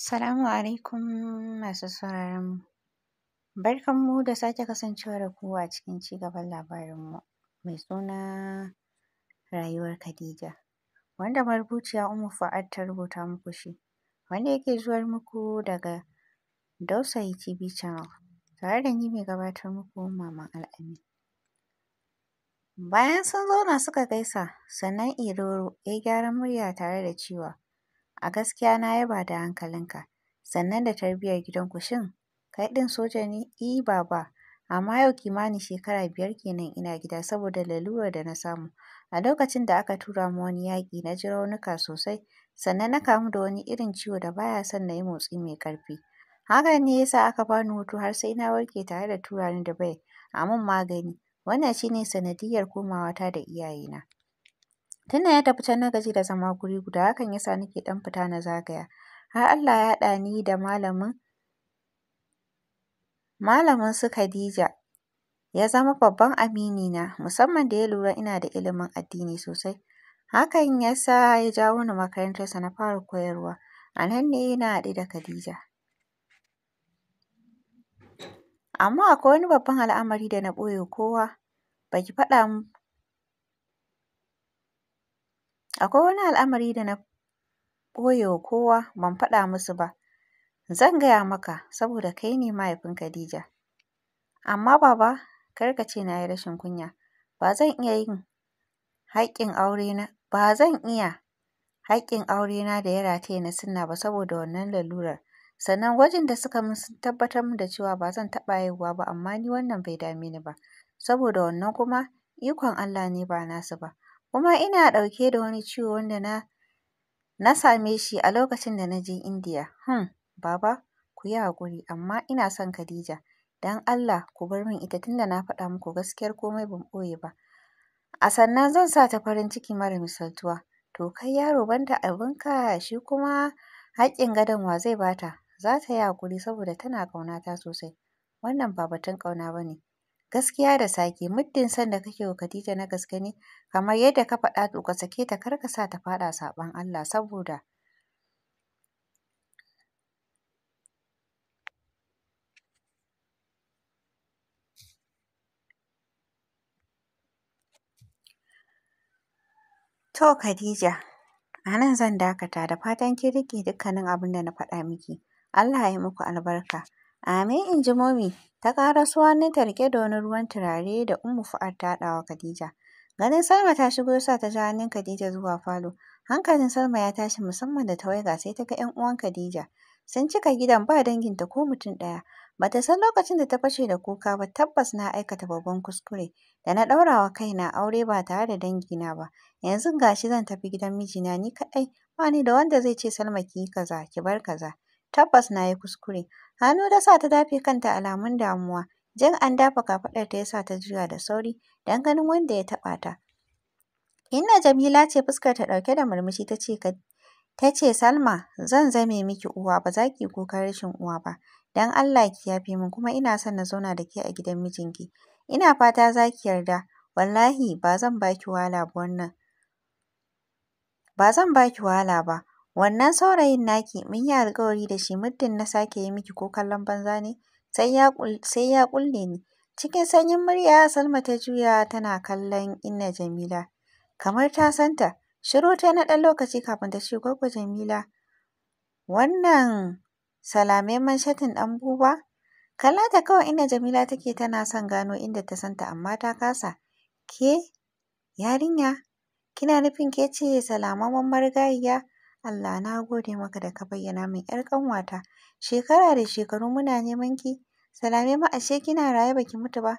Salamu alaikum masu sauraron mu. Barkan mu da sake kasancewa da ku a cikin cigaban labarin mu mai suna rayuwar Khadija wanda marubuciya Ummu fa'ad ta rubuta muku shi wanda yake zuwar muku daga Dausayi TV Channel tare da ni mai gabatar muku Maman al'ami Bayan sun zauna suka gaisa sannan Iroro ya gyara murya tare da cewa A gaskiya na yaba da hankalinka, sannan da tarbiyyar gidanku shin kai ɗin soja ne? I eh, baba, amma yau kimanin shekara biyar kenan ina gida saboda lalurar da na samu. A lokacin da aka tura mu wani yaƙi na ji raunuka sosai, sannan na kamu da wani irin ciwo da baya son na yi motsi mai ƙarfi. Hakan ne yasa aka bani hutu har sai na warke tare da tura ni Dubai a min magani. Wannan shine ne sanadiyyar komawata da iyayena. Tunda ya tafi can na gaji da zama guri guda hakan yasa nake ɗan fita na zagaya. Har Allah ya haɗa ni da malamin malamin su Khadija ya zama babban amini na musamman da ya lura ina da ilimin addini sosai. Hakan ya sa ya jawo ni makarantarsa na fara koyarwa. A nan ne na haɗu da Khadija. Amma akwai wani babban al'amari da na ɓoye kowa. Baki faɗa Akwai wani al'amari da na ɓoye kowa ban faɗa musu ba, zan gaya maka saboda kai ne mahaifin Khadija. Amma Baba, kar ka ce na yi rashin kunya. Ba zan iya yin haƙƙin aurena ba zan iya haƙƙin na da ya rataye na sunna ba saboda wannan lalurar. Sannan gwajin da suka min tabbatar min da cewa ba zan taɓa haihuwa ba amma ni wannan bai dame ni ba, saboda wannan kuma ikon Allah ne ba nasu ba. kuma ina ɗauke da wani ciwo wanda na na same shi a lokacin da na je Indiya. Hmm, baba ku yi hakuri. amma ina son Khadija. Don Allah ku bar min ita tunda na faɗa muku gaskiyar komai ban ɓoye ba. A sannan zan sa ta farin ciki mara misaltuwa. To kai yaro banda abinka shi kuma haƙƙin gadon wa zai bata? Za ta yi hakuri saboda tana ƙaunata sosai. Wannan ba batun ƙauna ba ne. gaskiya da sake muddin sanda da kake wa Khadija na gaske ne kamar yadda ka faɗa to ka sake ta kar ka sa ta faɗa saɓan Allah saboda To Khadija, a nan zan dakata da fatan kin rike dukkanin abin da na faɗa miki. Allah ya yi muku albarka. Amin in ji Momi ta ƙara ƙaraso ta rike da wani ruwan turare da umu fa'ar ta haɗawa Khadija. Ganin Salma ta shigo sa ta ja hannun Khadija zuwa falo. Hankalin Salma ya tashi musamman da ta waiga, sai ta ga 'yan uwan Khadija. Sun cika gidan ba danginta ko mutum ɗaya. Ba ta san lokacin da ta fashe da kuka ba tabbas na aikata babban kuskure da na ɗaurawa kaina aure ba tare da dangina ba. Yanzu ga shi zan tafi gidan mijina ni kaɗai ba ni da wanda zai ce Salma ki kaza ki bar kaza. Tabbas na yi kuskure Hannu ta sa ta dafe kanta alamun damuwa. Jan an dafa kafaɗarta ya sa ta juya da sauri don ganin wanda ya taɓa ta. Inna Jamila ce fuskar ta ɗauke da murmushi ta ce ta ce Salma zan zame miki uwa ba za ki kuka rashin uwa ba. Don Allah ki yafe min kuma ina son na zauna da ke a gidan mijinki. Ina fata za ki yarda. Wallahi ba zan ba ki ba wannan. Ba zan ba ki wahala ba. Wannan saurayin naki mun yi alƙawari da shi muddin na sake yi miki ko kallon banza ne sai ya ƙulle ni. Cikin sanyin murya Salma ta juya tana kallon inna Jamila. Kamar ta santa. shiru ta na ɗan lokaci kafin ta ce Gwaggo Jamila, wannan man shatin ɗan buba? Kalla ta kawai inna Jamila take tana son gano inda ta santa, amma ta kasa. Ke yarinya, kina nufin ke ce salamaman marigayiya Allah na gode maka da ka bayyana min ‘yar ƙanwata. Shekara da shekaru muna neman ki, salame ma ashe kina raye baki mutu ba.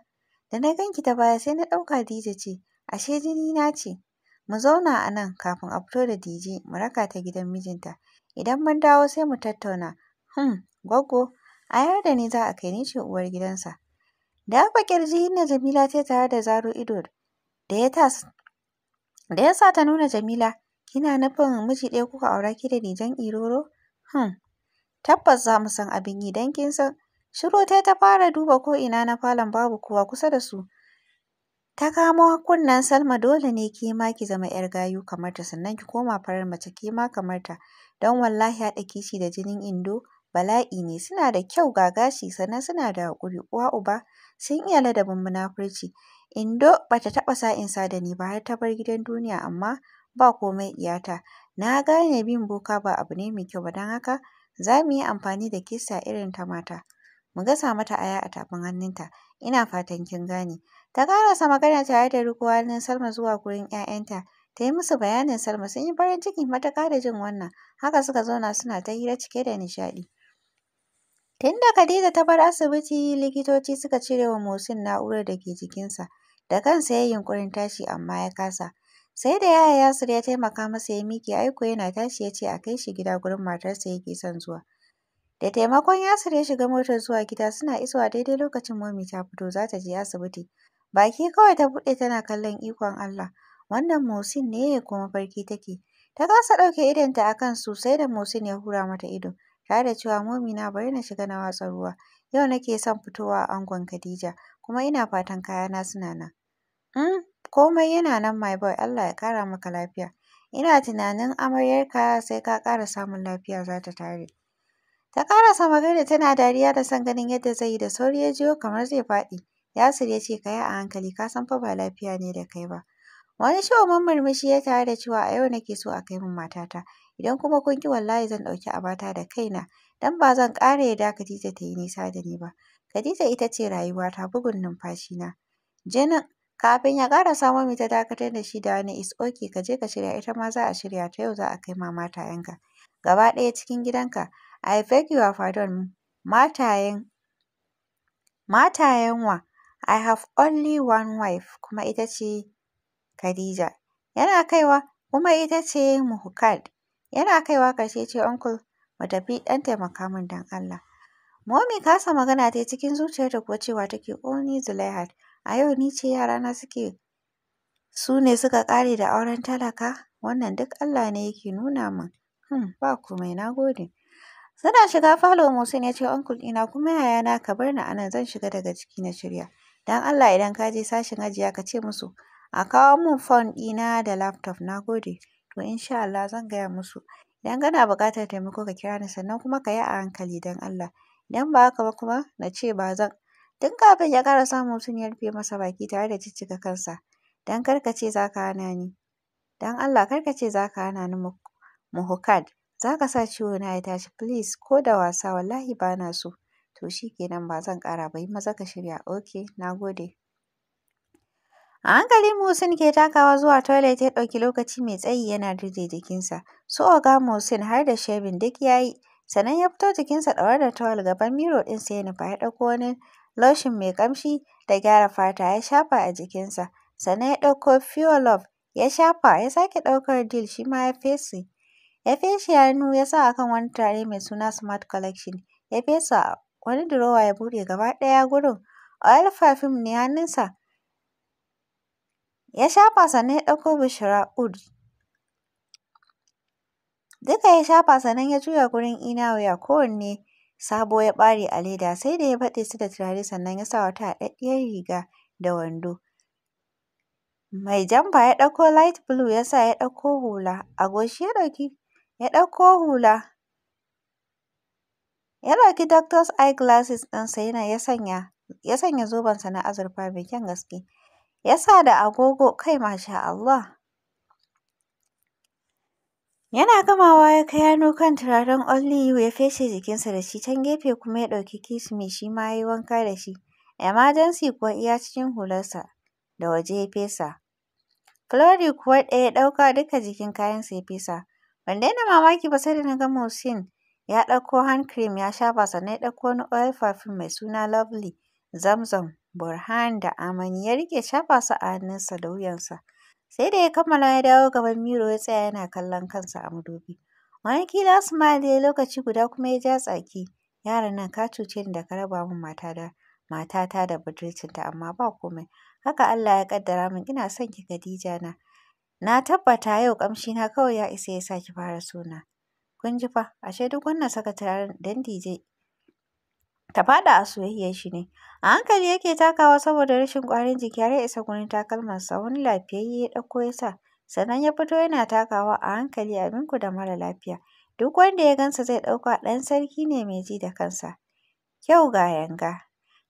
Da na ganki ta baya sai na ɗauka Dije ce, ashe jini na ce. Mu zauna a nan kafin a fito da Dije mu raka ta gidan mijinta. Idan mun dawo sai mu tattauna. Hmm, gwaggo, a da ni za a kai ni ce uwar gidansa. Da haka ƙirji na Jamila ta tare da zaro ido da ya sa ta nuna Jamila Kina nufin miji ɗaya kuka aura ki da Dijan Iroro? Hmm, tabbas za mu san abin yi don kin san. Shiru tai ta fara duba ko'ina na falon babu kowa kusa da su. Ta kamo kunnen Salma dole ne ke ma ki zama 'yar gayu kamar ta sannan ki koma farar mace ke ma kamar ta. Don wallahi haɗa kishi da jinin Indo bala'i ne suna da kyau ga gashi sannan suna da haƙuri uwa uba sun iya ladabin munafurci. Indo bata taɓa taɓa sa'insa da ni ba har ta bar gidan duniya amma ba komai iyata na gane bin boka ba abu ne mai kyau ba don haka za mu yi amfani da kisa irin ta mata mu gasa mata aya a tafin hannunta ina fatan kin gane ta karasa magana tare da riko hannun Salma zuwa gurin 'ya'yanta ta yi musu bayanin Salma sun yi farin ciki matuƙa da jin wannan haka suka zauna suna ta hira cike da nishaɗi tun da Khadija ta bar asibiti likitoci suka cire wa Mohsin na'urar da ke jikinsa da kansa ya yi yunƙurin tashi amma ya kasa Sai da yaya Yasir ya taimaka masa ya miƙe aiko yana tashi ya ce a kai shi gida gurin matarsa yake son zuwa. Da taimakon Yasir ya shiga motar zuwa gida suna isowa daidai lokacin Momi ta fito za ta je asibiti. Baki kawai ta buɗe tana kallon ikon Allah. Wannan mosin ne kuma farki take. Ta kasa ɗauke idonta a kan su sai da mosin ya hura mata ido. Tare da cewa Momi na bari na shiga na watsa ruwa. Yau nake son fitowa a angon Khadija kuma ina fatan kayana suna nan. Mm? Komai yana nan my boy, Allah ya kara maka lafiya. Ina tunanin amaryarka sai ka kara samun lafiya za ta tare. Ta ƙarasa magana tana dariya da son ganin yadda zai yi da sauri ya jiyo kamar zai faɗi. Yasir ya ce ka yi a hankali ka san fa ba lafiya ne da kai ba. Wani shawarar murmushi ya tare da cewa a yau nake so a kai min matata. Idan kuma kun ki wallahi zan ɗauki abata da kaina. Dan ba zan ƙara yarda Khadija ta yi nisa da ni ba. Khadija ita ce rayuwata bugun numfashina. Jinin Kafin ya ƙarasa samun ta dakatar da shi da wani “It's okay ka je ka shirya ita ma za a shirya ta yau za a kai ma matayenka gaba ɗaya cikin gidanka. I beg your pardon matayen matayen wa? I have only one wife kuma ita ce Khadija.” Yana kaiwa kuma ita ce Muhkad. Yana kaiwa ka ce “Uncle mu tafi ɗan taimaka min don Allah.” momi kasa magana ta cikin zuciyarta kuwa cewa take “Only Zulaihat.” A yau ni ce yarana suke su ne suka kare da auren talaka? Wannan duk Allah ne yake nuna min. Hmm, ba komai na gode. Suna shiga falo Musin ya ce uncle ɗina kuma yaya na ka bar ni anan zan shiga daga ciki na shirya. Dan Allah idan ka je sashin ajiya ka ce musu a kawo mun phone ɗina da laptop na gode. To insha Allah zan gaya musu. Idan kana buƙatar taimako ka kira ni sannan kuma ka yi a hankali dan Allah. Idan ba haka ba kuma na ce ba zan Tun kafin ya kara samun mutum ya rufe masa baki tare da jijjiga kansa. Don za ka hana ni. Don Allah karkace ce za ka hana ni muhukad. Za ka sa ciwo na ya tashi please ko da wasa wallahi ba na so. To shi kenan ba zan kara ba yi maza ka shirya ok na gode. A hankali musin ke takawa zuwa toilet ya ɗauki lokaci mai tsayi yana dirje jikinsa. Su oga musin har da shebin duk ya yi. Sannan ya fito jikinsa ɗaure da towel gaban miro ɗinsa ya nufa ya ɗauko wani loshin mai ƙamshi da gyara fata ya shafa a jikinsa, sannan ya ɗauko Pure ya shafa ya sake ɗaukar dil shi ma ya fesa. Ya feshe hannu ya sa a kan wani turare mai suna Smart Collection, ya fesa wani durowa ya buɗe gaba ɗaya gurin. Oil perfume ne hannunsa. Ya shafa sannan ya ɗauko bishira Oud. Duka ya shafa sannan ya juya gurin Inawaya kowanne Sabo ya ɓare a leda sai da ya baɗe su da turare sannan ya sa wata haɗaɗɗiyar riga da wando. Mai jamba ya ɗauko light blue ya ya ɗauko hula. A ya ɗauki ya ɗauko hula. Ya ɗauki doctor's eye glasses ɗinsa yana ya sanya ya sanya zobensa na azurfa mai kyan gaske. Ya sa da agogo kai masha Allah. Yana gamawa ya kai hannu kan turaren Oliyu ya feshe jikinsa da shi can gefe kuma ya ɗauki Kiss mai shi ma ya yi wanka da shi. Emergency kuwa iya cikin hularsa da waje ya fesa. Flori kuwa ɗaya ɗauka duka jikin kayansa ya fesa. Ban daina mamaki ba sai da na ga Mohsin ya ɗauko hand cream ya shafa sannan ya ɗauko wani oil perfume mai suna Lovely, Zamzam, Burhan da Amani ya riƙe shafa su a hannunsa da wuyansa. Sai da ya kammala ya dawo gaban miro ya tsaya yana kallon kansa a madubi. Wani kila su da lokaci guda kuma ya ja tsaki. Yaron nan ka cuce ni da ka raba min matata da budurcinta amma ba komai. Haka Allah ya kaddara min ina son ki Khadija na. Na tabbata yau kamshi na kawai ya isa ya saki fara suna. Kun ji fa ashe duk wannan saka turaren dan DJ ta faɗa a soyayyar shi ne. A hankali yake takawa saboda rashin ƙwarin jiki har ya isa gurin takalmansa wani lafiyayye ya ɗauko ya sa. Sannan ya fito yana takawa a hankali abin ku da mara lafiya. Duk wanda ya gansa zai ɗauka ɗan sarki ne mai ji da kansa. Kyau ga yanga.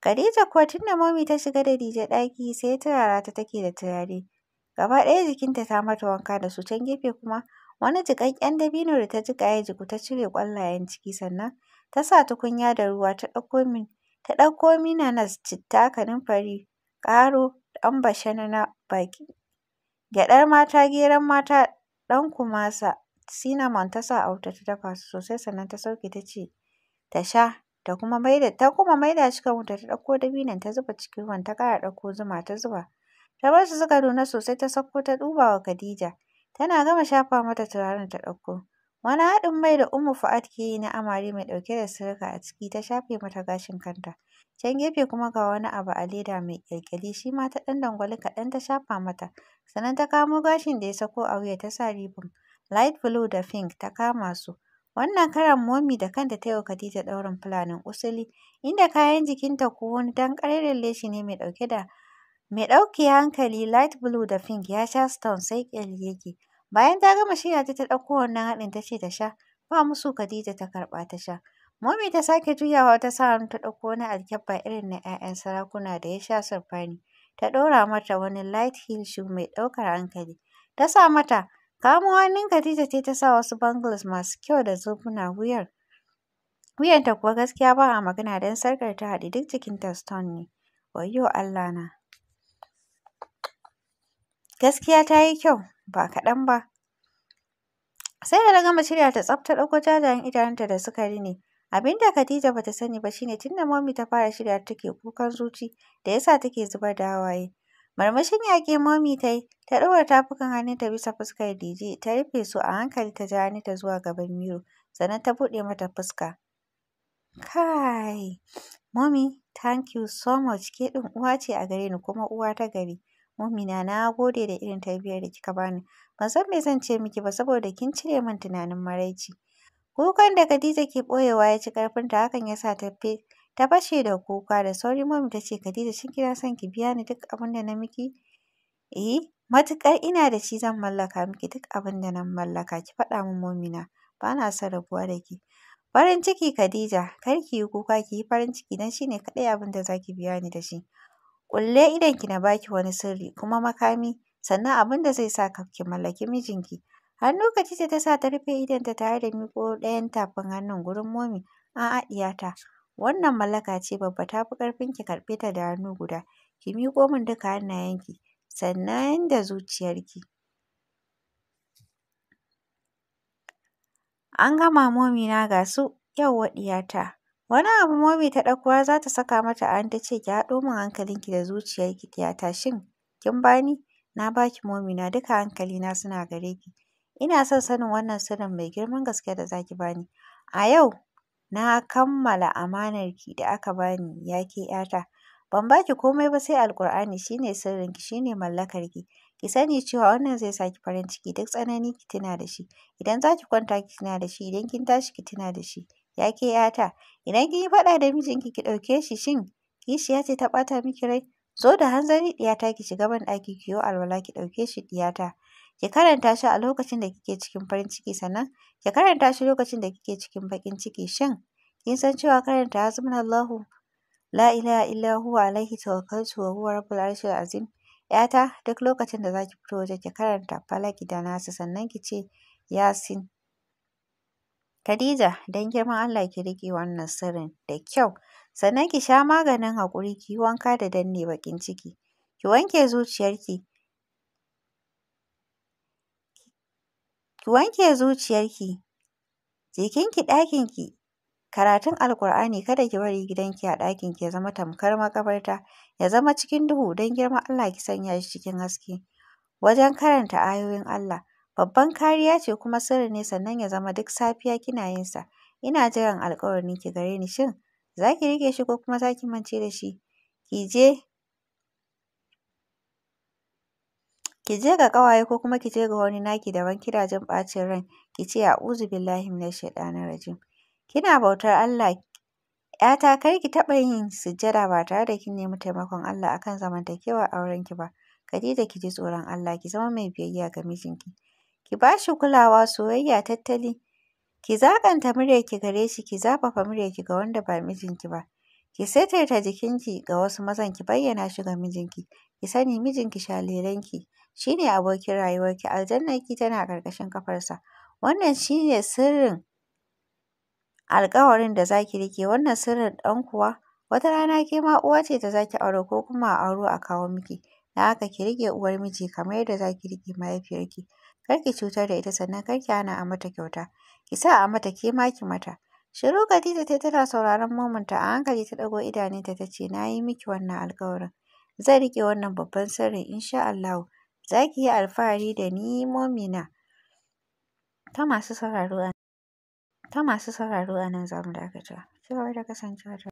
Khadija kuwa tun da mami ta shiga da dije ɗaki sai turara ta take da turare. Gaba ɗaya jikinta ta mata wanka da su can gefe kuma wani jiƙaƙƙen dabino da ta jiƙa ya jiƙu ta cire ƙwallayen ciki sannan ta sa tukunya da ruwa ta ɗauko minanas, citta, kanunfari, ƙaro ɗan ambashana na baki, gyaɗar mata, geran mata, ɗan kumasa, cinnamon ta sa a ta dafa su sosai sannan ta sauke ta ce ta sha ta kuma maida ta kuma maida shi kan wuta ta ɗauko dabinon ta zuba cikin ruwan ta ƙara ɗauko zuma ta zuba. Ta bar su suka nuna sosai ta sauko ta ɗuba wa Khadija. Tana gama shafa mata turaren ta ɗauko. Wani haɗin mai da Ummu Fuad ke yi na amari mai ɗauke da sirika a ciki ta shafe mata gashin kanta. Can gefe kuma ga wani abu a leda mai ƙyalƙyali shi ma ta ɗan dangwali kaɗan ta shafa mata. Sannan ta kamo gashin da ya sako a wuya ta sa ribon. Light blue da pink ta kama su. Wannan karan momi da kanta ta yi wa Khadija ɗaurin fulanin usuli, inda kayan jikinta ko wani danƙararren leshi ne mai ɗauke da mai ɗauke hankali light blue da pink ya sha stone sai ƙyalli yake. Bayan ta gama shirya ta ta ɗauko wannan haɗin ta ce ta sha, ba musu Khadija ta karɓa ta sha. Momi ta sake juyawa ta sa hannu ta ɗauko wani alkyabba irin na 'ya'yan sarakuna da ya sha surfani. Ta ɗora mata wani light heel shoe mai ɗaukar hankali. Ta sa mata, kamo hannun Khadija ce ta sa wasu bangles masu kyau da zobuna wuyar. Wuyanta kuwa gaskiya ba a magana don sarƙar ta haɗi, duk jikinta stone ne. Wayyo Allah na! Gaskiya ta yi kyau, ba kaɗan ba. Sai da na gama shirya ta tsaf ta ɗauko jajayen idanunta da suka ne, Abin da Khadija ba ta sani ba shine tun da Momi ta fara shirya ta take kukan zuci da ya yasa take zubar da hawaye. Marmashin yaƙi Mami ta yi, ta ɗora tafukan ta bisa fuskar Dije, ta rufe su a hankali ta ja ta zuwa gaban miro, sannan ta buɗe mata fuska. Kai! Mami, thank you so much, ke ɗin uwa ce a gare ni kuma uwa ta gari. Mumina na gode da irin tarbiyyar da kika bani. Ban san me zan ce miki ba saboda kin cire min tunanin maraici. Kukan da Khadija ke ɓoyewa ya ci ta hakan yasa sa ta fe ta fashe da kuka da sauri mami ta ce Khadija shin kina son ki biya ni duk abin da na miki? Eh matuƙar ina da shi zan mallaka miki duk abin da na mallaka ki faɗa min mumina ba na son rabuwa da ki. Farin ciki Khadija kar ki yi kuka ki yi farin ciki don shine ne kaɗai abin da zaki biya ni da shi. Kulle idonki na baki wani sirri kuma makami sannan abin da zai sa ki mallaki mijinki. Hannu Khadija ta sa ta rufe idonta tare da miƙo ɗayan tafin hannun gurin momi. A'a ɗiyata, wannan mallaka ce babba ta fi ƙarfin ki karɓe ta da hannu guda. Ki miƙo min duka hannayenki sannan da zuciyarki. An gama momi na ga su, yawwa ɗiyata. Wani abu Momi ta ɗaukuwa za ta saka mata a hannu ta ce, ki haɗo min hankalinki da zuciyarki yata shin kin bani Na ba ki na duka hankalina suna gare ki. Ina son sanin wannan sirrin mai girman gaske da za ki ba ni. A yau na kammala amanarki da aka bani ni ya ke ‘yata. Ban baki komai ba sai Alƙur'ani shi ne sirrinki shi ne mallakarki. Ki sani cewa wannan zai sa ki farin ciki duk tsanani ki tuna da shi. Idan za ki kwanta ki tuna da shi, idan kin tashi ki tuna da shi. Ya ke yata, idan kin yi faɗa da mijinki ki ɗauke shi shin kishiya ce ta ɓata miki rai? Zo da hanzari ɗiyata ki shiga banɗaki ki yo alwala ki ɗauke shi ɗiyata. Ki karanta shi a lokacin da kike cikin farin ciki sannan ki karanta shi lokacin da kike cikin baƙin ciki shin kin san cewa karanta Allahu la ilaha illa huwa alaihi tawakkaltu wa huwa rabbul arshil azim. ‘Yata duk lokacin da zaki fito waje ki karanta Falaki da Nasu sannan ki ce Yasin. Khadija don girman Allah ki riƙe wannan sirrin da kyau sannan ki sha maganin haƙuri ki yi wanka da danne baƙin ciki. Ki wanke zuciyarki ki wanke zuciyarki jikinki ɗakinki karatun Alƙur'ani kada ki bari gidanki a ɗakinki ya zama tamkar makabarta ya zama cikin duhu don girman Allah ki sanya shi cikin haske wajen karanta ayoyin Allah Babban kariya ce kuma sirri ne sannan ya zama duk safiya kina yin sa. Ina jiran alƙawarin ki gare ni shin za ki riƙe shi ko kuma za ki mance da shi? Ki je ki je ga ƙawaye ko kuma ki je ga wani naki daban kina jin ɓacin ran ki ce uzu billahi minash shaitanir rajim. Kina bautar Allah ‘yata kar ki taɓa yin sujjada ba tare da kin nemi taimakon Allah akan kan zamantakewar aurenki ba. Khadija ki ji tsoron Allah ki zama mai biyayya ga mijinki. ki ba shi kulawa, soyayya, tattali. Ki zaƙanta muryarki gare shi, ki zafafa muryarki ga wanda ba mijinki ba. Ki setaita jikinki ga wasu mazan, ki bayyana shi ga mijinki. Ki sani mijinki shalilanki, shi ne abokin rayuwar rayuwarki, aljannarki tana ƙarƙashin kafarsa Wannan shi ne sirrin alƙawarin da za ki riƙe, wannan sirrin ɗan kuwa wata rana ke ma uwa ce da za ki aure ko kuma a auro a kawo miki. Don haka ki riƙe uwar miji kamar yadda za ki mahaifiyarki. kar ki cutar da ita sannan kar ki hana a mata kyauta ki sa a mata ke ma ki mata shiru Khadija ta tana sauraron mamanta a hankali ta ɗago idanunta ta ce na yi miki wannan alƙawarin zan rike wannan babban sirrin insha allah za ki yi alfahari da ni momina ta masu sauraro a ta masu nan za mu dakata da kasancewa